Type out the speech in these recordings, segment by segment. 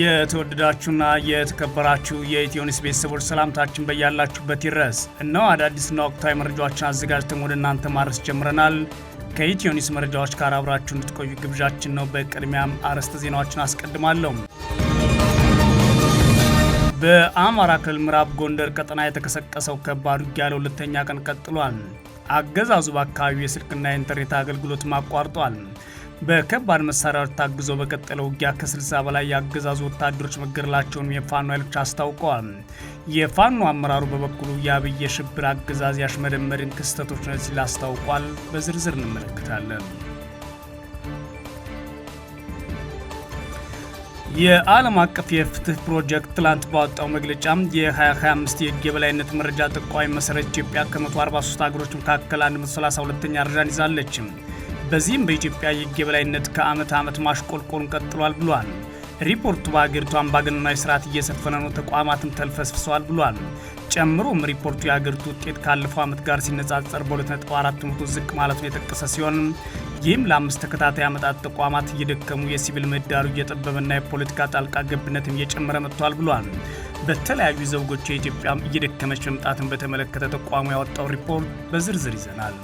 የተወደዳችሁና የተከበራችሁ የኢትዮኒስ ቤተሰቦች ሰላምታችን በያላችሁበት ይድረስ። እነሆ አዳዲስና ወቅታዊ መረጃዎችን አዘጋጅተን ወደ እናንተ ማድረስ ጀምረናል። ከኢትዮኒስ መረጃዎች ጋር አብራችሁ እንድትቆዩ ግብዣችን ነው። በቅድሚያም አርዕስተ ዜናዎችን አስቀድማለሁ። በአማራ ክልል ምዕራብ ጎንደር ቀጠና የተቀሰቀሰው ከባድ ውጊያ ለሁለተኛ ቀን ቀጥሏል። አገዛዙ በአካባቢው የስልክና የኢንተርኔት አገልግሎት አቋርጧል። በከባድ መሳሪያዎች ታግዞ በቀጠለው ውጊያ ከ60 በላይ የአገዛዙ ወታደሮች መገደላቸውን የፋኖ ኃይሎች አስታውቀዋል። የፋኖ አመራሩ በበኩሉ የአብይ የሽብር አገዛዝ ያሽመደመድን ክስተቶች ነ ሲል አስታውቋል። በዝርዝር እንመለከታለን። የዓለም አቀፍ የፍትህ ፕሮጀክት ትላንት ባወጣው መግለጫ የ2025 የህግ የበላይነት መረጃ ጠቋሚ መሰረት ኢትዮጵያ ከ143 ሀገሮች መካከል 132ኛ ደረጃን በዚህም በኢትዮጵያ የህግ የበላይነት ከዓመት ዓመት ማሽቆልቆሉን ቀጥሏል ብሏል። ሪፖርቱ በአገሪቱ አምባገነናዊ ስርዓት እየሰፈነ ነው፣ ተቋማትም ተልፈስፍሰዋል ብሏል። ጨምሮም ሪፖርቱ የአገሪቱ ውጤት ካለፈው ዓመት ጋር ሲነጻጸር በ2.4 በመቶ ዝቅ ማለቱን የጠቀሰ ሲሆን ይህም ለአምስት ተከታታይ ዓመታት ተቋማት እየደከሙ የሲቪል ምህዳሩ እየጠበበና የፖለቲካ ጣልቃ ገብነትም እየጨመረ መጥቷል ብሏል። በተለያዩ ዘውጎች የኢትዮጵያ እየደከመች መምጣትን በተመለከተ ተቋሙ ያወጣው ሪፖርት በዝርዝር ይዘናል።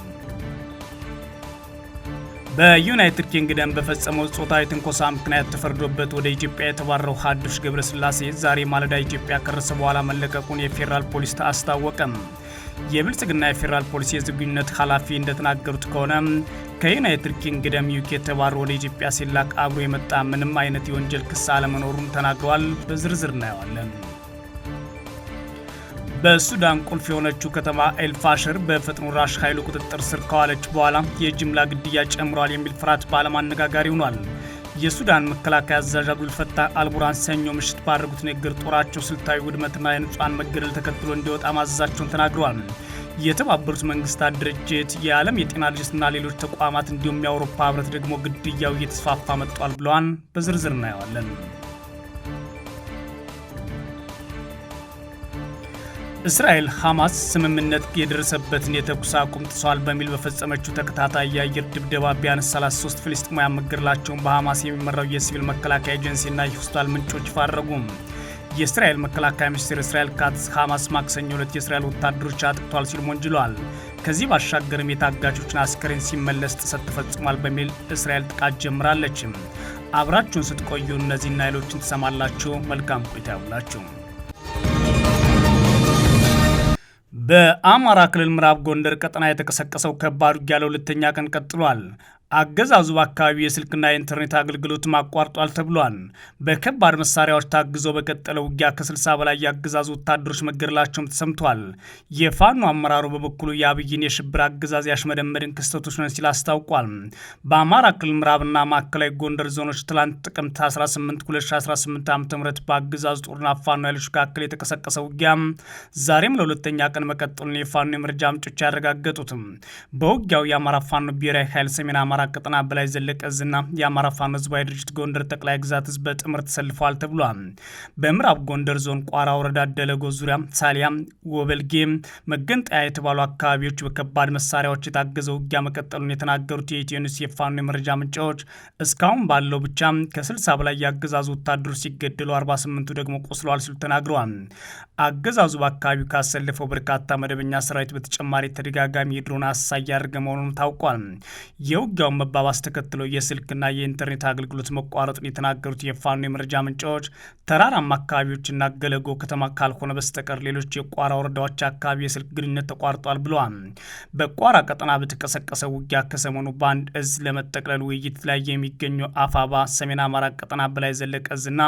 በዩናይትድ ኪንግደም በፈጸመው ጾታዊ ትንኮሳ ምክንያት ተፈርዶበት ወደ ኢትዮጵያ የተባረው ሀዱሽ ገብረስላሴ ዛሬ ማለዳ ኢትዮጵያ ከረሰ በኋላ መለቀቁን የፌዴራል ፖሊስ አስታወቀም። የብልጽግና የፌዴራል ፖሊስ የዝግኙነት ኃላፊ እንደተናገሩት ከሆነ ከዩናይትድ ኪንግደም ዩኬ የተባረው ወደ ኢትዮጵያ ሲላክ አብሮ የመጣ ምንም አይነት የወንጀል ክስ አለመኖሩን ተናግረዋል። በዝርዝር እናየዋለን። በሱዳን ቁልፍ የሆነችው ከተማ ኤልፋሸር በፈጥኖ ራሽ ኃይሉ ቁጥጥር ስር ከዋለች በኋላ የጅምላ ግድያ ጨምሯል የሚል ፍርሃት በዓለም አነጋጋሪ ሆኗል። የሱዳን መከላከያ አዛዥ አብዱልፈታህ አልቡራን ሰኞ ምሽት ባደረጉት ንግግር ጦራቸው ስልታዊ ውድመትና የንጹሐን መገደል ተከትሎ እንዲወጣ ማዘዛቸውን ተናግረዋል። የተባበሩት መንግስታት ድርጅት፣ የዓለም የጤና ድርጅትና ሌሎች ተቋማት እንዲሁም የአውሮፓ ህብረት ደግሞ ግድያው እየተስፋፋ መጥቷል ብለዋል። በዝርዝር እናየዋለን። እስራኤል ሐማስ ስምምነት የደረሰበትን የተኩስ አቁም ጥሷል በሚል በፈጸመችው ተከታታይ የአየር ድብደባ ቢያንስ 33 ፍልስጥማውያን መገደላቸውን በሐማስ የሚመራው የሲቪል መከላከያ ኤጀንሲና የሆስፒታል ምንጮች ይፋ የእስራኤል መከላከያ ሚኒስቴር እስራኤል ካትስ ሐማስ ማክሰኞ ዕለት የእስራኤል ወታደሮች አጥቅቷል ሲል ወንጅሏል። ከዚህ ባሻገርም የታጋቾችን አስከሬን ሲመለስ ጥሰት ተፈጽሟል በሚል እስራኤል ጥቃት ጀምራለችም። አብራችሁን ስትቆዩ እነዚህና ሌሎችን ትሰማላችሁ። መልካም ቆይታ ያውላችሁ። በአማራ ክልል ምዕራብ ጎንደር ቀጠና የተቀሰቀሰው ከባድ ውጊያ ለሁለተኛ ቀን ቀጥሏል። አገዛዙ በአካባቢው የስልክና የኢንተርኔት አገልግሎት አቋርጧል ተብሏል። በከባድ መሳሪያዎች ታግዞ በቀጠለ ውጊያ ከ60 በላይ የአገዛዙ ወታደሮች መገደላቸውም ተሰምቷል። የፋኖ አመራሩ በበኩሉ የአብይን የሽብር አገዛዝ ያሽመደመድን ክስተቶች ነን ሲል አስታውቋል። በአማራ ክልል ምዕራብና ማዕከላዊ ጎንደር ዞኖች ትላንት ጥቅምት 18 2018 ዓ ም በአገዛዙ ጦርና ፋኖ ኃይሎች መካከል የተቀሰቀሰ ውጊያ ዛሬም ለሁለተኛ ቀን መቀጠሉን የፋኖ የመረጃ ምንጮች ያረጋገጡትም በውጊያው የአማራ ፋኖ ብሔራዊ ኃይል ሰሜን አማራ የአማራ ቀጠና በላይ ዘለቀ ዝና የአማራ ፋኖ ህዝባዊ ድርጅት ጎንደር ጠቅላይ ግዛት ህዝብ በጥምር ተሰልፈዋል ተብሏል። በምዕራብ ጎንደር ዞን ቋራ ወረዳ ደለጎ ዙሪያ ሳሊያ፣ ወበልጌም፣ መገንጠያ የተባሉ አካባቢዎች በከባድ መሳሪያዎች የታገዘ ውጊያ መቀጠሉን የተናገሩት የኢትዮ ኒውስ የፋኖ የመረጃ ምንጫዎች እስካሁን ባለው ብቻ ከ60 በላይ የአገዛዙ ወታደሮች ሲገደሉ 48ቱ ደግሞ ቆስለዋል ሲሉ ተናግረዋል። አገዛዙ በአካባቢው ካሰለፈው በርካታ መደበኛ ሰራዊት በተጨማሪ ተደጋጋሚ የድሮን አሳይ ያደርገ መሆኑን ታውቋል። የውጊያው የዋጋውን መባባስ ተከትሎ የስልክና የኢንተርኔት አገልግሎት መቋረጥን የተናገሩት የፋኖ የመረጃ ምንጫዎች ተራራማ አካባቢዎችና ገለጎ ከተማ ካልሆነ በስተቀር ሌሎች የቋራ ወረዳዎች አካባቢ የስልክ ግንኙነት ተቋርጧል ብለዋል። በቋራ ቀጠና በተቀሰቀሰ ውጊያ ከሰሞኑ በአንድ እዝ ለመጠቅለል ውይይት ላይ የሚገኙ አፋባ ሰሜን አማራ ቀጠና በላይ ዘለቀ እዝና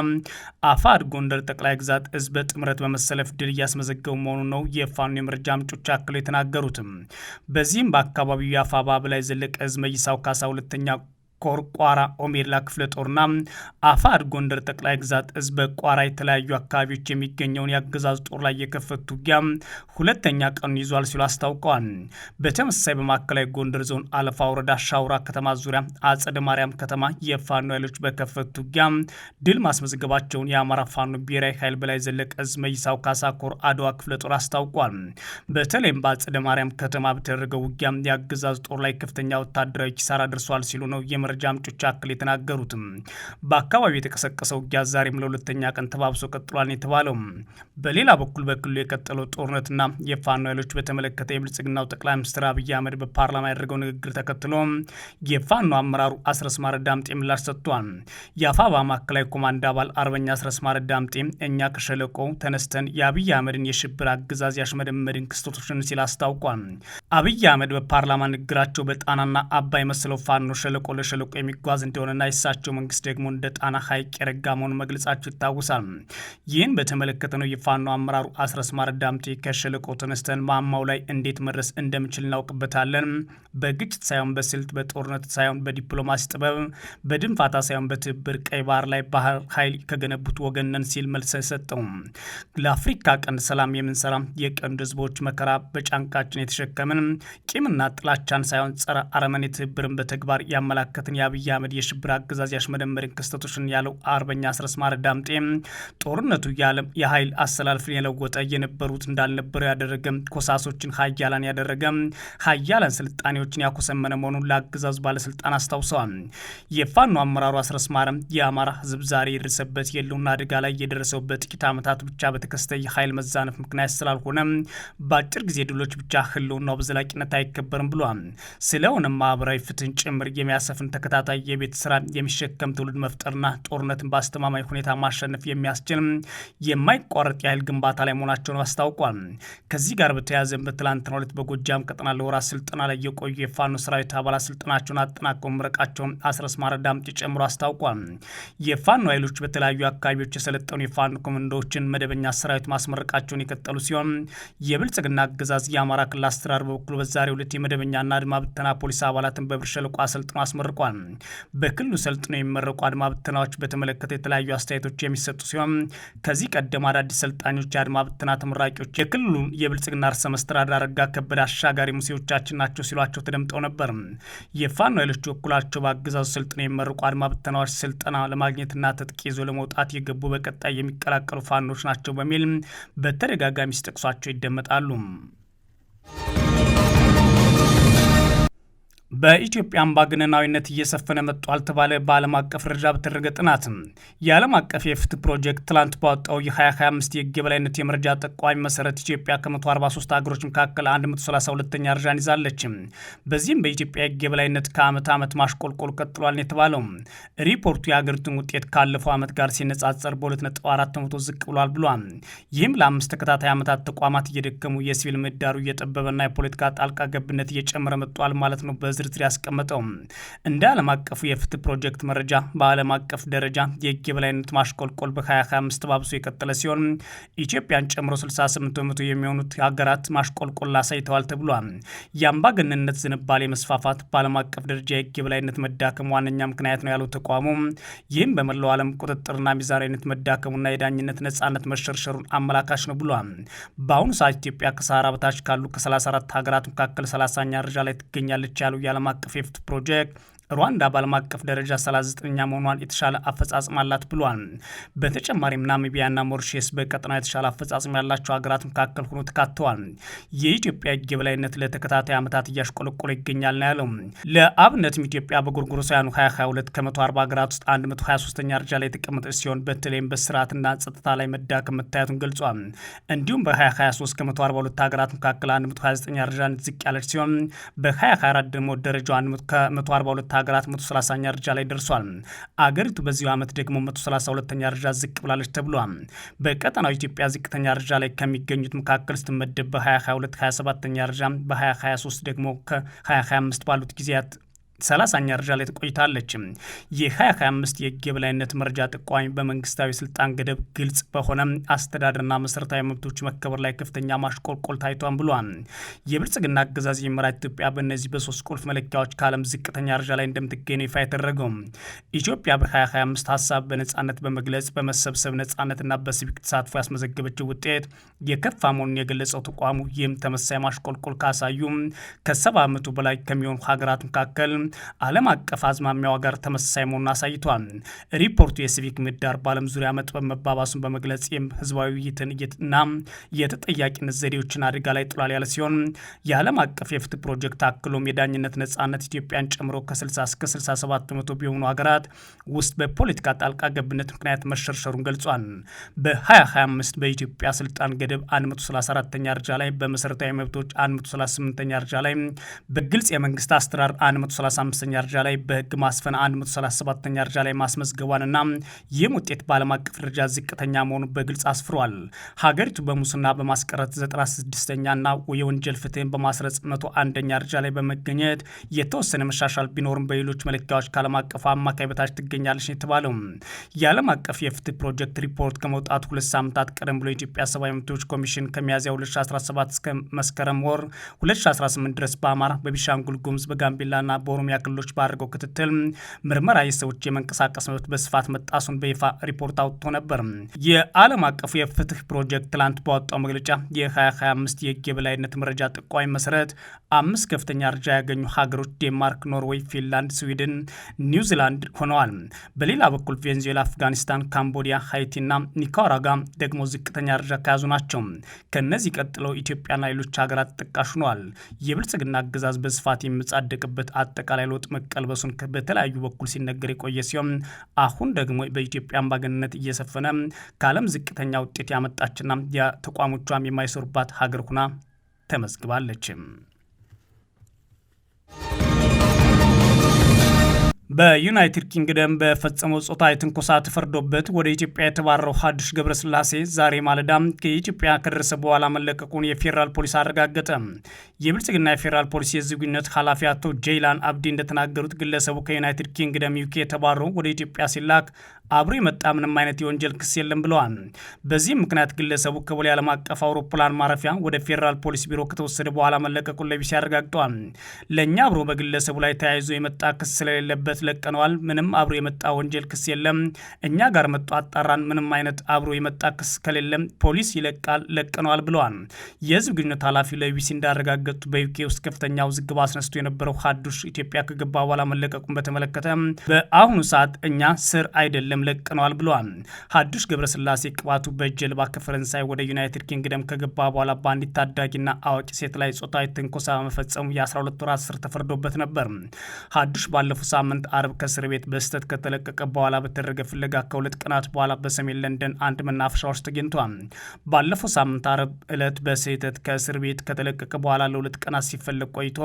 አፋድ ጎንደር ጠቅላይ ግዛት እዝ በጥምረት በመሰለፍ ድል እያስመዘገቡ መሆኑ ነው የፋኖ የመረጃ ምንጮች አክለው የተናገሩትም። በዚህም በአካባቢው የአፋባ በላይ ዘለቀ እዝ መይሳው ከአስራ ሁለተኛ ኮር ቋራ ኦሜድላ ክፍለ ጦርና አፋድ ጎንደር ጠቅላይ ግዛት እዝ በቋራ የተለያዩ አካባቢዎች የሚገኘውን የአገዛዝ ጦር ላይ የከፈቱት ውጊያ ሁለተኛ ቀኑን ይዟል ሲሉ አስታውቀዋል። በተመሳሳይ በማዕከላዊ ጎንደር ዞን አለፋ ወረዳ ሻውራ ከተማ ዙሪያ አጸደ ማርያም ከተማ የፋኖ ኃይሎች በከፈቱት ውጊያ ድል ማስመዝገባቸውን የአማራ ፋኖ ብሔራዊ ኃይል በላይ ዘለቀ እዝ መይሳው ካሳ ኮር አድዋ ክፍለ ጦር አስታውቋል። በተለይም በአጸደ ማርያም ከተማ በተደረገው ውጊያ የአገዛዝ ጦር ላይ ከፍተኛ ወታደራዊ ኪሳራ ደርሷል ሲሉ ነው የመረጃ ምንጮች አክል የተናገሩትም በአካባቢው የተቀሰቀሰው ውጊያ ዛሬም ለሁለተኛ ቀን ተባብሶ ቀጥሏል የተባለው። በሌላ በኩል በክልሉ የቀጠለው ጦርነትና የፋኖ ኃይሎች በተመለከተ የብልጽግናው ጠቅላይ ሚኒስትር አብይ አህመድ በፓርላማ ያደረገው ንግግር ተከትሎ የፋኖ አመራሩ አስረስማረ ዳምጤ ምላሽ ሰጥቷል። የአፋባ ማዕከላዊ ኮማንድ አባል አርበኛ አስረስማረ ዳምጤ እኛ ከሸለቆው ተነስተን የአብይ አህመድን የሽብር አገዛዝ ያሽመደመድን ክስተቶችን ሲል አስታውቋል። አብይ አህመድ በፓርላማ ንግግራቸው በጣናና አባይ መሰለው ፋኖ ሸለቆ ለሸ ሸለቆ የሚጓዝ እንደሆነና የሳቸው መንግስት ደግሞ እንደ ጣና ሐይቅ የረጋ መሆኑን መግለጻቸው ይታወሳል። ይህን በተመለከተ ነው የፋኖ አመራሩ አስረስ ማረ ዳምቴ ከሸለቆ ተነስተን ማማው ላይ እንዴት መድረስ እንደምችል እናውቅበታለን። በግጭት ሳይሆን በስልት በጦርነት ሳይሆን በዲፕሎማሲ ጥበብ፣ በድንፋታ ሳይሆን በትብብር ቀይ ባህር ላይ ባህር ኃይል ከገነቡት ወገነን ሲል መልስ ሰጠው። ለአፍሪካ ቀንድ ሰላም የምንሰራ የቀንድ ህዝቦች መከራ በጫንቃችን የተሸከምን ቂምና ጥላቻን ሳይሆን ጸረ አረመኔ ትብብርን በተግባር ያመላከተ ያመለከትን የአብይ አህመድ የሽብር አገዛዝ ያሽመደመድን ክስተቶችን ያለው አርበኛ አስረስ ማረ ዳምጤ ጦርነቱ የዓለም የኃይል አሰላልፍን የለወጠ የነበሩት እንዳልነበረው ያደረገ ኮሳሶችን ሀያላን ያደረገ ሀያላን ስልጣኔዎችን ያኮሰመነ መሆኑን ለአገዛዙ ባለስልጣን አስታውሰዋል። የፋኖ አመራሩ አስረስ ማረ የአማራ ህዝብ ዛሬ የደረሰበት የህልውና አደጋ ላይ የደረሰው በጥቂት ዓመታት ብቻ በተከስተ የኃይል መዛነፍ ምክንያት ስላልሆነ በአጭር ጊዜ ድሎች ብቻ ህልውናው በዘላቂነት አይከበርም ብሏል። ስለሆነ ማህበራዊ ፍትህን ጭምር የሚያሰፍን ተከታታይ የቤት ስራ የሚሸከም ትውልድ መፍጠርና ጦርነትን በአስተማማኝ ሁኔታ ማሸነፍ የሚያስችል የማይቋረጥ የኃይል ግንባታ ላይ መሆናቸውን አስታውቋል። ከዚህ ጋር በተያያዘ በትላንትናው ዕለት በጎጃም ቀጠና ለወራት ስልጠና ላይ የቆዩ የፋኖ ሰራዊት አባላት ስልጠናቸውን አጠናቀው መምረቃቸውን አስረስ ማረ ጨምሮ አስታውቋል። የፋኖ ኃይሎች በተለያዩ አካባቢዎች የሰለጠኑ የፋኖ ኮመንዶዎችን መደበኛ ሰራዊት ማስመረቃቸውን የቀጠሉ ሲሆን የብልጽግና አገዛዝ የአማራ ክልል አስተዳደር በበኩሉ በዛሬው ዕለት የመደበኛና አድማ ብተና ፖሊስ አባላትን በብር ሸለቆ አሰልጥኖ አስመርቋል። አስታውቋል። በክልሉ ሰልጥነው የሚመረቁ አድማ ብተናዎች በተመለከተ የተለያዩ አስተያየቶች የሚሰጡ ሲሆን ከዚህ ቀደም አዳዲስ ሰልጣኞች የአድማ ብተና ተመራቂዎች የክልሉ የብልጽግና ርዕሰ መስተዳድር አረጋ ከበደ አሻጋሪ ሙሴዎቻችን ናቸው ሲሏቸው ተደምጠው ነበር። የፋኖ ኃይሎች በኩላቸው በአገዛዙ ሰልጥነው የሚመረቁ አድማ ብተናዎች ስልጠና ለማግኘትና ትጥቅ ይዞ ለመውጣት የገቡ በቀጣይ የሚቀላቀሉ ፋኖች ናቸው በሚል በተደጋጋሚ ሲጠቅሷቸው ይደመጣሉ። በኢትዮጵያ አምባገነናዊነት እየሰፈነ መጥቷል ተባለ። በዓለም አቀፍ ደረጃ በተደረገ ጥናት የዓለም አቀፍ የፍትህ ፕሮጀክት ትላንት ባወጣው የ2025 የህግ የበላይነት የመረጃ ጠቋሚ መሰረት ኢትዮጵያ ከ143 ሀገሮች መካከል 132ኛ ደረጃን ይዛለች። በዚህም በኢትዮጵያ የህግ የበላይነት ከዓመት ዓመት ማሽቆልቆል ቀጥሏል የተባለው ሪፖርቱ የሀገሪቱን ውጤት ካለፈው ዓመት ጋር ሲነጻጸር በ2.4 በመቶ ዝቅ ብሏል ብሏል። ይህም ለአምስት ተከታታይ ዓመታት ተቋማት እየደከሙ የሲቪል ምህዳሩ እየጠበበና የፖለቲካ ጣልቃ ገብነት እየጨመረ መጥቷል ማለት ነው። በዝርዝር ያስቀመጠው። እንደ ዓለም አቀፉ የፍትህ ፕሮጀክት መረጃ በዓለም አቀፍ ደረጃ የህግ የበላይነት ማሽቆልቆል በ2025 ተባብሶ የቀጠለ ሲሆን ኢትዮጵያን ጨምሮ 68 በመቶ የሚሆኑት ሀገራት ማሽቆልቆል አሳይተዋል ተብሏል። የአምባገነንነት ዝንባሌ መስፋፋት በዓለም አቀፍ ደረጃ የህግ የበላይነት መዳከም ዋነኛ ምክንያት ነው ያለው ተቋሙ ይህም በመላው ዓለም ቁጥጥርና ሚዛናዊነት መዳከሙና የዳኝነት ነጻነት መሸርሸሩን አመላካች ነው ብሏል። በአሁኑ ሰዓት ኢትዮጵያ ከሰሃራ በታች ካሉ ከ34 ሀገራት መካከል 30ኛ ደረጃ ላይ ትገኛለች ያሉ የዓለም አቀፍ የፍትህ ፕሮጀክት ሩዋንዳ በዓለም አቀፍ ደረጃ 39ኛ መሆኗን የተሻለ አፈጻጽም አላት ብሏል። በተጨማሪም ናሚቢያና ሞሪሼስ በቀጠና የተሻለ አፈጻጽም ያላቸው ሀገራት መካከል ሆኖ ተካተዋል። የኢትዮጵያ ሕግ የበላይነት ለተከታታይ ዓመታት እያሽቆለቆለ ይገኛል ነው ያለው። ለአብነትም ኢትዮጵያ በጎርጎሮሳውያኑ 2022 ከ140 ሀገራት ውስጥ 123ኛ ደረጃ ላይ የተቀመጠች ሲሆን በተለይም በስርዓትና ጸጥታ ላይ መዳከም መታየቱን ገልጿል። እንዲሁም በ2023 ከ142 ሀገራት መካከል 129ኛ ደረጃ ዝቅ ያለች ሲሆን በ2024 ደግሞ ደረጃው ከ142 ሀገራት 130ኛ ደረጃ ላይ ደርሷል። አገሪቱ በዚሁ ዓመት ደግሞ 132ኛ ደረጃ ዝቅ ብላለች ተብሏል። በቀጠናው ኢትዮጵያ ዝቅተኛ ደረጃ ላይ ከሚገኙት መካከል ስትመደብ በ2022 27ኛ ደረጃ በ2023 ደግሞ ከ2025 ባሉት ጊዜያት ሰላሳኛ ደረጃ ላይ ተቆይታለች። የ2025 የህግ የበላይነት መረጃ ጠቋሚ በመንግስታዊ ስልጣን ገደብ ግልጽ በሆነ አስተዳደርና መሰረታዊ መብቶች መከበር ላይ ከፍተኛ ማሽቆልቆል ታይቷን ብሏል። የብልጽግና አገዛዝ የሚመራት ኢትዮጵያ በእነዚህ በሶስት ቁልፍ መለኪያዎች ከዓለም ዝቅተኛ ደረጃ ላይ እንደምትገኝ ይፋ የተደረገው ኢትዮጵያ በ2025 ሀሳብ በነጻነት በመግለጽ በመሰብሰብ ነጻነትና በሲቪክ ተሳትፎ ያስመዘገበችው ውጤት የከፋ መሆኑን የገለጸው ተቋሙ ይህም ተመሳይ ማሽቆልቆል ካሳዩ ከሰባ ዓመቱ በላይ ከሚሆኑ ሀገራት መካከል ዓለም አቀፍ አዝማሚያዋ ጋር ተመሳሳይ መሆኑን አሳይቷል። ሪፖርቱ የሲቪክ ምህዳር በዓለም ዙሪያ መጥበብ መባባሱን በመግለጽ ህዝባዊ እና የተጠያቂነት ዘዴዎችን አደጋ ላይ ጥሏል ያለ ሲሆን የዓለም አቀፍ የፍትህ ፕሮጀክት አክሎም የዳኝነት ነጻነት ኢትዮጵያን ጨምሮ ከ60 እስከ 67 በመቶ ቢሆኑ ሀገራት ውስጥ በፖለቲካ ጣልቃ ገብነት ምክንያት መሸርሸሩን ገልጿል። በ2025 በኢትዮጵያ ስልጣን ገደብ 134ኛ እርጃ ላይ በመሰረታዊ መብቶች 138ኛ እርጃ ላይ በግልጽ የመንግስት አስተራር 135ኛ ደረጃ ላይ በህግ ማስፈን 137ኛ ደረጃ ላይ ማስመዝገቧንና ይህም ውጤት በዓለም አቀፍ ደረጃ ዝቅተኛ መሆኑን በግልጽ አስፍሯል። ሀገሪቱ በሙስና በማስቀረት 96ኛና የወንጀል ፍትህን በማስረጽ 101ኛ ደረጃ ላይ በመገኘት የተወሰነ መሻሻል ቢኖርም በሌሎች መለኪያዎች ከዓለም አቀፉ አማካይ በታች ትገኛለች የተባለው የዓለም አቀፍ የፍትህ ፕሮጀክት ሪፖርት ከመውጣቱ ሁለት ሳምንታት ቀደም ብሎ የኢትዮጵያ ሰብአዊ መብቶች ኮሚሽን ከሚያዝያ 2017 እስከ መስከረም ወር 2018 ድረስ በአማራ፣ በቤኒሻንጉል በጋምቢላ በጋምቤላና በኦሮ የኦሮሚያ ክልሎች ባደረገው ክትትል ምርመራ የሰዎች የመንቀሳቀስ መብት በስፋት መጣሱን በይፋ ሪፖርት አውጥቶ ነበር። የዓለም አቀፉ የፍትህ ፕሮጀክት ትላንት ባወጣው መግለጫ የ2025 የህግ የበላይነት መረጃ ጠቋሚ መሰረት አምስት ከፍተኛ ደረጃ ያገኙ ሀገሮች ዴንማርክ፣ ኖርዌይ፣ ፊንላንድ፣ ስዊድን፣ ኒውዚላንድ ሆነዋል። በሌላ በኩል ቬንዙዌላ፣ አፍጋኒስታን፣ ካምቦዲያ፣ ሃይቲና ኒካራጋ ደግሞ ዝቅተኛ ደረጃ ከያዙ ናቸው። ከእነዚህ ቀጥለው ኢትዮጵያና ሌሎች ሀገራት ተጠቃሽ ሆነዋል። የብልጽግና አገዛዝ በስፋት የሚጻደቅበት አጠቃ አጠቃላይ ለውጥ መቀልበሱን በተለያዩ በኩል ሲነገር የቆየ ሲሆን አሁን ደግሞ በኢትዮጵያ አምባገነንነት እየሰፈነ ከዓለም ዝቅተኛ ውጤት ያመጣችና የተቋሞቿም የማይሰሩባት ሀገር ሁና ተመዝግባለችም። በዩናይትድ ኪንግደም በፈጸመው ጾታዊ ትንኮሳ ተፈርዶበት ወደ ኢትዮጵያ የተባረው ሀዱሽ ገብረስላሴ ዛሬ ማለዳ ከኢትዮጵያ ከደረሰ በኋላ መለቀቁን የፌዴራል ፖሊስ አረጋገጠ። የብልጽግና የፌዴራል ፖሊስ የዜግነት ኃላፊ አቶ ጄይላን አብዲ እንደተናገሩት ግለሰቡ ከዩናይትድ ኪንግደም ዩኬ የተባረው ወደ ኢትዮጵያ ሲላክ አብሮ የመጣ ምንም አይነት የወንጀል ክስ የለም ብለዋል። በዚህም ምክንያት ግለሰቡ ከቦሌ ዓለም አቀፍ አውሮፕላን ማረፊያ ወደ ፌዴራል ፖሊስ ቢሮ ከተወሰደ በኋላ መለቀቁን ለቢሲ አረጋግጠዋል። ለእኛ አብሮ በግለሰቡ ላይ ተያይዞ የመጣ ክስ ስለሌለበት ለቀነዋል። ምንም አብሮ የመጣ ወንጀል ክስ የለም። እኛ ጋር መጡ አጣራን። ምንም አይነት አብሮ የመጣ ክስ ከሌለም ፖሊስ ይለቃል። ለቀነዋል ብለዋል። የህዝብ ግንኙነት ኃላፊው ለቢሲ እንዳረጋገጡ በዩኬ ውስጥ ከፍተኛ ውዝግብ አስነስቶ የነበረው ሀዱሽ ኢትዮጵያ ከገባ በኋላ መለቀቁን በተመለከተ በአሁኑ ሰዓት እኛ ስር አይደለም ኪንግደም ለቅነዋል ብለዋል። ሀዱሽ ገብረስላሴ ቅባቱ በጀልባ ከፈረንሳይ ወደ ዩናይትድ ኪንግደም ከገባ በኋላ በአንዲት ታዳጊና አዋቂ ሴት ላይ ጾታዊ ትንኮሳ መፈጸሙ የ12 ወራት እስር ተፈርዶበት ነበር። ሀዱሽ ባለፈው ሳምንት አርብ ከእስር ቤት በስህተት ከተለቀቀ በኋላ በተደረገ ፍለጋ ከሁለት ቀናት በኋላ በሰሜን ለንደን አንድ መናፈሻ ውስጥ ተገኝቷል። ባለፈው ሳምንት አርብ ዕለት በስህተት ከእስር ቤት ከተለቀቀ በኋላ ለሁለት ቀናት ሲፈለግ ቆይቶ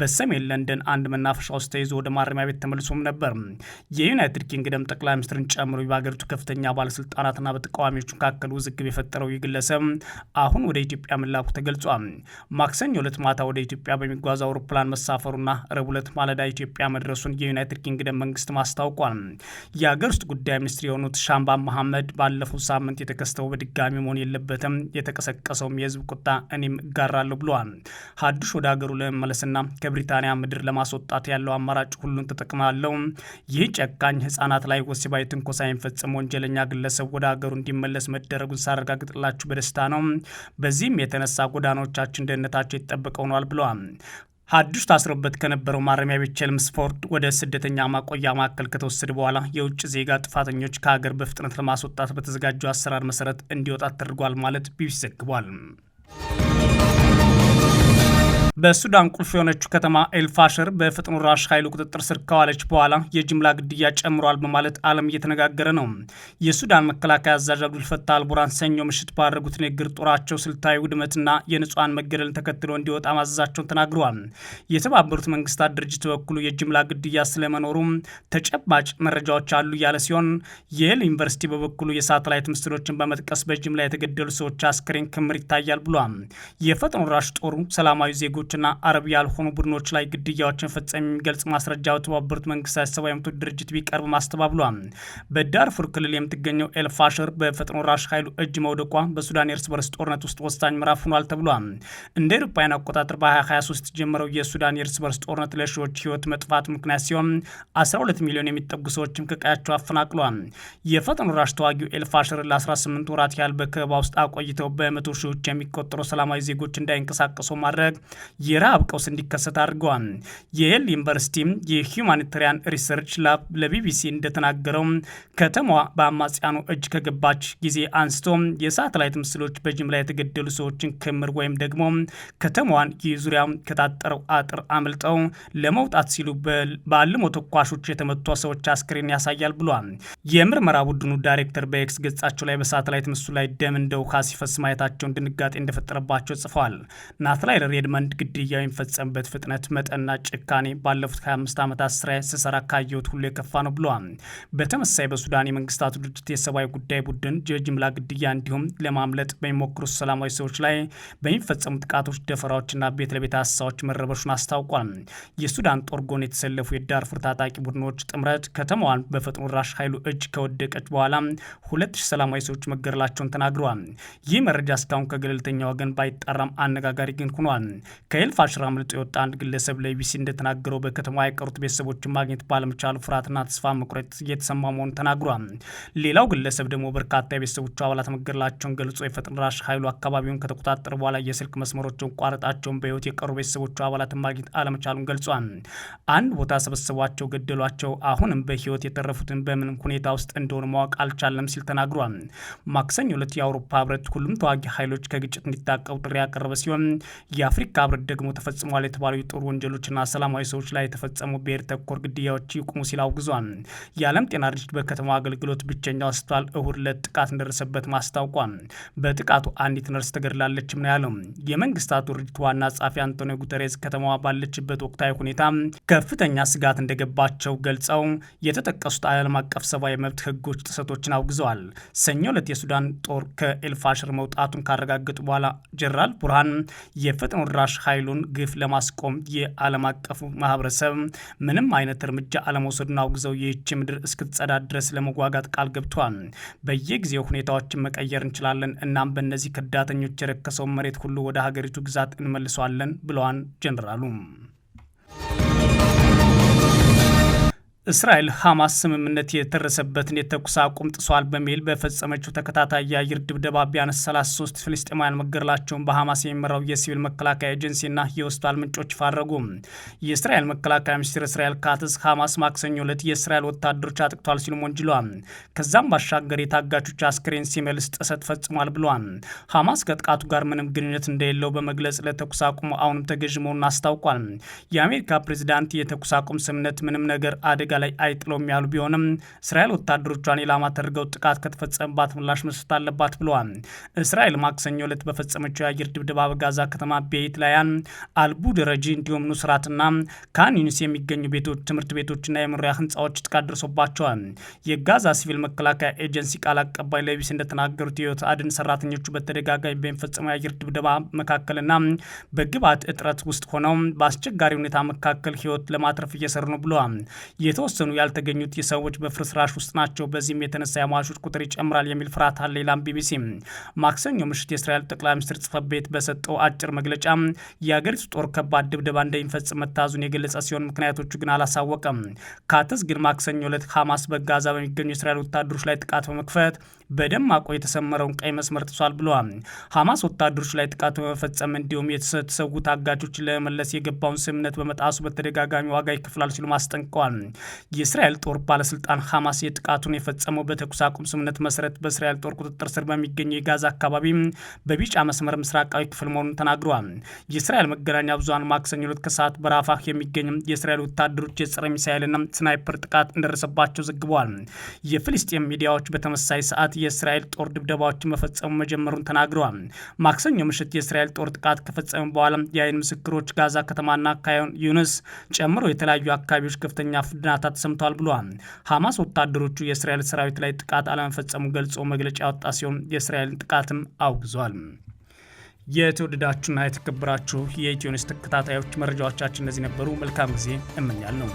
በሰሜን ለንደን አንድ መናፈሻ ውስጥ ተይዞ ወደ ማረሚያ ቤት ተመልሶም ነበር። የዩናይትድ ኪንግደም ጠቅላይ ሚኒስትር ሚኒስትርን ጨምሮ በሀገሪቱ ከፍተኛ ባለስልጣናትና በተቃዋሚዎች መካከል ውዝግብ የፈጠረው ይህ ግለሰብ አሁን ወደ ኢትዮጵያ መላኩ ተገልጿል። ማክሰኞ ዕለት ማታ ወደ ኢትዮጵያ በሚጓዝ አውሮፕላን መሳፈሩና ረቡዕ ዕለት ማለዳ ኢትዮጵያ መድረሱን የዩናይትድ ኪንግደም መንግስት ማስታውቋል። የሀገር ውስጥ ጉዳይ ሚኒስትር የሆኑት ሻምባ መሐመድ ባለፉት ሳምንት የተከሰተው በድጋሚ መሆን የለበትም፣ የተቀሰቀሰውም የህዝብ ቁጣ እኔም እጋራለሁ ብለዋል። ሀዱሽ ወደ ሀገሩ ለመመለስና ከብሪታንያ ምድር ለማስወጣት ያለው አማራጭ ሁሉን ተጠቅማለው። ይህ ጨካኝ ህጻናት ላይ ወሲባ ጾታዊ ትንኮሳ የሚፈጽም ወንጀለኛ ግለሰብ ወደ ሀገሩ እንዲመለስ መደረጉን ሳረጋግጥላችሁ በደስታ ነው። በዚህም የተነሳ ጎዳናዎቻችን ደህንነታቸው የተጠበቀ ሆኗል ብለዋል። ሀዱሽ ታስሮበት ከነበረው ማረሚያ ቤት ቼልምስፎርድ ወደ ስደተኛ ማቆያ ማዕከል ከተወሰደ በኋላ የውጭ ዜጋ ጥፋተኞች ከሀገር በፍጥነት ለማስወጣት በተዘጋጀው አሰራር መሰረት እንዲወጣት ተደርጓል ማለት ቢቢሲ ዘግቧል። በሱዳን ቁልፍ የሆነችው ከተማ ኤልፋሸር በፈጥኖ ራሽ ኃይሉ ቁጥጥር ስር ከዋለች በኋላ የጅምላ ግድያ ጨምሯል በማለት ዓለም እየተነጋገረ ነው። የሱዳን መከላከያ አዛዥ አብዱልፈታ አልቡራን ሰኞ ምሽት ባደረጉት ንግግር ጦራቸው ስልታዊ ውድመትና የንጹሐን መገደልን ተከትሎ እንዲወጣ ማዘዛቸውን ተናግረዋል። የተባበሩት መንግስታት ድርጅት በኩሉ የጅምላ ግድያ ስለመኖሩም ተጨባጭ መረጃዎች አሉ ያለ ሲሆን የየል ዩኒቨርሲቲ በበኩሉ የሳተላይት ምስሎችን በመጥቀስ በጅምላ የተገደሉ ሰዎች አስክሬን ክምር ይታያል ብሏል። የፈጥኖ ራሽ ጦሩ ሰላማዊ ዜጎች ሸማቂዎችና አረብ ያልሆኑ ቡድኖች ላይ ግድያዎችን ፈጸም የሚገልጽ ማስረጃ በተባበሩት መንግስታት ሰብአዊ መብቶች ድርጅት ቢቀርብ አስተባብሏል። በዳርፉር ክልል የምትገኘው ኤልፋሽር በፈጥኖ ራሽ ኃይሉ እጅ መውደቋ በሱዳን የእርስ በርስ ጦርነት ውስጥ ወሳኝ ምዕራፍ ሆኗል ተብሏል። እንደ አውሮፓውያን አቆጣጠር በ2023 ጀምረው የሱዳን የእርስ በርስ ጦርነት ለሺዎች ህይወት መጥፋት ምክንያት ሲሆን 12 ሚሊዮን የሚጠጉ ሰዎችም ከቀያቸው አፈናቅሏል። የፈጥኖ ራሽ ተዋጊው ኤልፋሽር ለ18 ወራት ያህል በከበባ ውስጥ አቆይተው በመቶ ሺዎች የሚቆጠሩ ሰላማዊ ዜጎች እንዳይንቀሳቀሱ ማድረግ የረሃብ ቀውስ እንዲከሰት አድርገዋል። የየል ዩኒቨርሲቲ የሂውማኒታሪያን ሪሰርች ላብ ለቢቢሲ እንደተናገረው ከተማዋ በአማጽያኑ እጅ ከገባች ጊዜ አንስቶ የሳተላይት ምስሎች በጅምላ የተገደሉ ሰዎችን ክምር ወይም ደግሞ ከተማዋን የዙሪያ ከታጠረው አጥር አምልጠው ለመውጣት ሲሉ በአልሞ ተኳሾች የተመቷ ሰዎች አስክሬን ያሳያል ብሏል። የምርመራ ቡድኑ ዳይሬክተር በኤክስ ገጻቸው ላይ በሳተላይት ምስሉ ላይ ደም እንደ ውሃ ሲፈስ ማየታቸው ድንጋጤ እንደፈጠረባቸው ጽፈዋል። ናትናኤል ሬድመንድ ግድያ የሚፈጸምበት ፍጥነት መጠንና ጭካኔ ባለፉት 25 ዓመታት ስራ ስሰራ ካየሁት ሁሉ የከፋ ነው ብለዋል። በተመሳይ በሱዳን የመንግስታቱ ድርጅት የሰብአዊ ጉዳይ ቡድን የጅምላ ግድያ እንዲሁም ለማምለጥ በሚሞክሩ ሰላማዊ ሰዎች ላይ በሚፈጸሙ ጥቃቶች፣ ደፈራዎችና ቤት ለቤት አሳዎች መረበሹን አስታውቋል። የሱዳን ጦር ጎን የተሰለፉ የዳርፉር ታጣቂ ቡድኖች ጥምረት ከተማዋን በፈጥኖ ራሽ ኃይሉ እጅ ከወደቀች በኋላ ሁለት ሺህ ሰላማዊ ሰዎች መገደላቸውን ተናግረዋል። ይህ መረጃ እስካሁን ከገለልተኛ ወገን ባይጣራም አነጋጋሪ ግን ሆኗል። ከኤልፍ አሽር አምልጦ የወጣ አንድ ግለሰብ ለቢሲ እንደተናገረው በከተማ የቀሩት ቤተሰቦችን ማግኘት ባለመቻሉ ፍርሃትና ተስፋ መቁረጥ እየተሰማ መሆኑ ተናግሯል። ሌላው ግለሰብ ደግሞ በርካታ የቤተሰቦቹ አባላት መገደላቸውን ገልጾ የፈጥኖ ደራሽ ኃይሉ አካባቢውን ከተቆጣጠረ በኋላ የስልክ መስመሮችን ቋረጣቸውን በህይወት የቀሩ ቤተሰቦቹ አባላት ማግኘት አለመቻሉን ገልጿል። አንድ ቦታ ሰበሰቧቸው፣ ገደሏቸው። አሁንም በህይወት የተረፉትን በምንም ሁኔታ ውስጥ እንደሆነ ማወቅ አልቻለም ሲል ተናግሯል። ማክሰኞ ዕለት የአውሮፓ ህብረት ሁሉም ተዋጊ ኃይሎች ከግጭት እንዲታቀቡ ጥሪ ያቀረበ ሲሆን የአፍሪካ ህብረት በመውረድ ደግሞ ተፈጽሟል የተባሉ የጦር ወንጀሎችና ሰላማዊ ሰዎች ላይ የተፈጸሙ ብሔር ተኮር ግድያዎች ይቁሙ ሲል አውግዟል። የዓለም ጤና ድርጅት በከተማ አገልግሎት ብቸኛ ሆስፒታል እሁድ ዕለት ጥቃት እንደደረሰበት ማስታውቋል። በጥቃቱ አንዲት ነርስ ተገድላለችም ነው ያለው። የመንግስታቱ ድርጅት ዋና ጸሐፊ አንቶኒዮ ጉተሬዝ ከተማዋ ባለችበት ወቅታዊ ሁኔታ ከፍተኛ ስጋት እንደገባቸው ገልጸው የተጠቀሱት ዓለም አቀፍ ሰብአዊ መብት ህጎች ጥሰቶችን አውግዘዋል። ሰኞ ዕለት የሱዳን ጦር ከኤልፋሽር መውጣቱን ካረጋገጡ በኋላ ጀነራል ቡርሃን የፈጥኖ ድራሽ ኃይሉን ግፍ ለማስቆም የዓለም አቀፉ ማህበረሰብ ምንም አይነት እርምጃ አለመውሰዱን አውግዘው ይህች ምድር እስክትጸዳ ድረስ ለመዋጋት ቃል ገብቷል። በየጊዜው ሁኔታዎችን መቀየር እንችላለን። እናም በእነዚህ ከዳተኞች የረከሰውን መሬት ሁሉ ወደ ሀገሪቱ ግዛት እንመልሰዋለን ብለዋል ጀኔራሉ። እስራኤል ሐማስ ስምምነት የተደረሰበትን የተኩስ አቁም ጥሷል በሚል በፈጸመችው ተከታታይ የአየር ድብደባ ቢያንስ 33 ፍልስጤማውያን መገደላቸውን በሐማስ የሚመራው የሲቪል መከላከያ ኤጀንሲና የሆስፒታል ምንጮች ፋረጉ። የእስራኤል መከላከያ ሚኒስትር እስራኤል ካትስ ሐማስ ማክሰኞ ዕለት የእስራኤል ወታደሮች አጥቅቷል ሲሉም ወንጅሏል። ከዛም ባሻገር የታጋቾች አስክሬን ሲመልስ ጥሰት ፈጽሟል ብሏል። ሐማስ ከጥቃቱ ጋር ምንም ግንኙነት እንደሌለው በመግለጽ ለተኩስ አቁሙ አሁንም ተገዥ መሆኑን አስታውቋል። የአሜሪካ ፕሬዚዳንት የተኩስ አቁም ስምምነት ምንም ነገር አደጋ አደጋ ላይ አይጥሎም ያሉ ቢሆንም እስራኤል ወታደሮቿን ኢላማ ተደርገው ጥቃት ከተፈጸመባት ምላሽ መስጠት አለባት ብለዋል። እስራኤል ማክሰኞ ዕለት በፈጸመችው የአየር ድብደባ በጋዛ ከተማ ቤት ላያን፣ አልቡ ደረጂ እንዲሁም ኑስራትና ካን ዩኒስ የሚገኙ ቤቶች፣ ትምህርት ቤቶችና የመኖሪያ ህንፃዎች ጥቃት ደርሶባቸዋል። የጋዛ ሲቪል መከላከያ ኤጀንሲ ቃል አቀባይ ለቢስ እንደተናገሩት የህይወት አድን ሰራተኞቹ በተደጋጋሚ በሚፈጸመው የአየር ድብደባ መካከልና በግብዓት እጥረት ውስጥ ሆነው በአስቸጋሪ ሁኔታ መካከል ህይወት ለማትረፍ እየሰሩ ነው ብለዋል። የተወሰኑ ያልተገኙት የሰዎች በፍርስራሽ ውስጥ ናቸው። በዚህም የተነሳ የሟቾች ቁጥር ይጨምራል የሚል ፍርሃት አለ ይላም ቢቢሲ። ማክሰኞ ምሽት የእስራኤል ጠቅላይ ሚኒስትር ጽሕፈት ቤት በሰጠው አጭር መግለጫ የአገሪቱ ጦር ከባድ ድብደባ እንደሚፈጽም መታዙን የገለጸ ሲሆን ምክንያቶቹ ግን አላሳወቀም። ካትስ ግን ማክሰኞ ዕለት ሐማስ በጋዛ በሚገኙ የእስራኤል ወታደሮች ላይ ጥቃት በመክፈት በደማቁ የተሰመረውን ቀይ መስመር ጥሷል ብለዋል። ሐማስ ወታደሮች ላይ ጥቃት በመፈጸም እንዲሁም የተሰዉ አጋቾችን ለመመለስ የገባውን ስምምነት በመጣሱ በተደጋጋሚ ዋጋ ይከፍላል ሲሉ አስጠንቅቀዋል። የእስራኤል ጦር ባለስልጣን ሐማስ የጥቃቱን የፈጸመው በተኩስ አቁም ስምምነት መሰረት በእስራኤል ጦር ቁጥጥር ስር በሚገኘው የጋዛ አካባቢ በቢጫ መስመር ምስራቃዊ ክፍል መሆኑን ተናግረዋል። የእስራኤል መገናኛ ብዙሀን ማክሰኞ ዕለት ከሰዓት በራፋህ የሚገኝ የእስራኤል ወታደሮች የጸረ ሚሳኤልና ስናይፐር ጥቃት እንደደረሰባቸው ዘግበዋል። የፍልስጤም ሚዲያዎች በተመሳሳይ ሰዓት የእስራኤል ጦር ድብደባዎችን መፈጸሙ መጀመሩን ተናግረዋል። ማክሰኞ ምሽት የእስራኤል ጦር ጥቃት ከፈጸመ በኋላ የአይን ምስክሮች ጋዛ ከተማና ካዮን ዩንስ ጨምሮ የተለያዩ አካባቢዎች ከፍተኛ ፍንዳታ ፍንዳታ ተሰምቷል ብሏል። ሐማስ ወታደሮቹ የእስራኤል ሰራዊት ላይ ጥቃት አለመፈጸሙ ገልጾ መግለጫ ያወጣ ሲሆን የእስራኤልን ጥቃትም አውግዟል። የተወደዳችሁና የተከበራችሁ የኢትዮኒውስ ተከታታዮች መረጃዎቻችን እነዚህ ነበሩ። መልካም ጊዜ እመኛለሁ።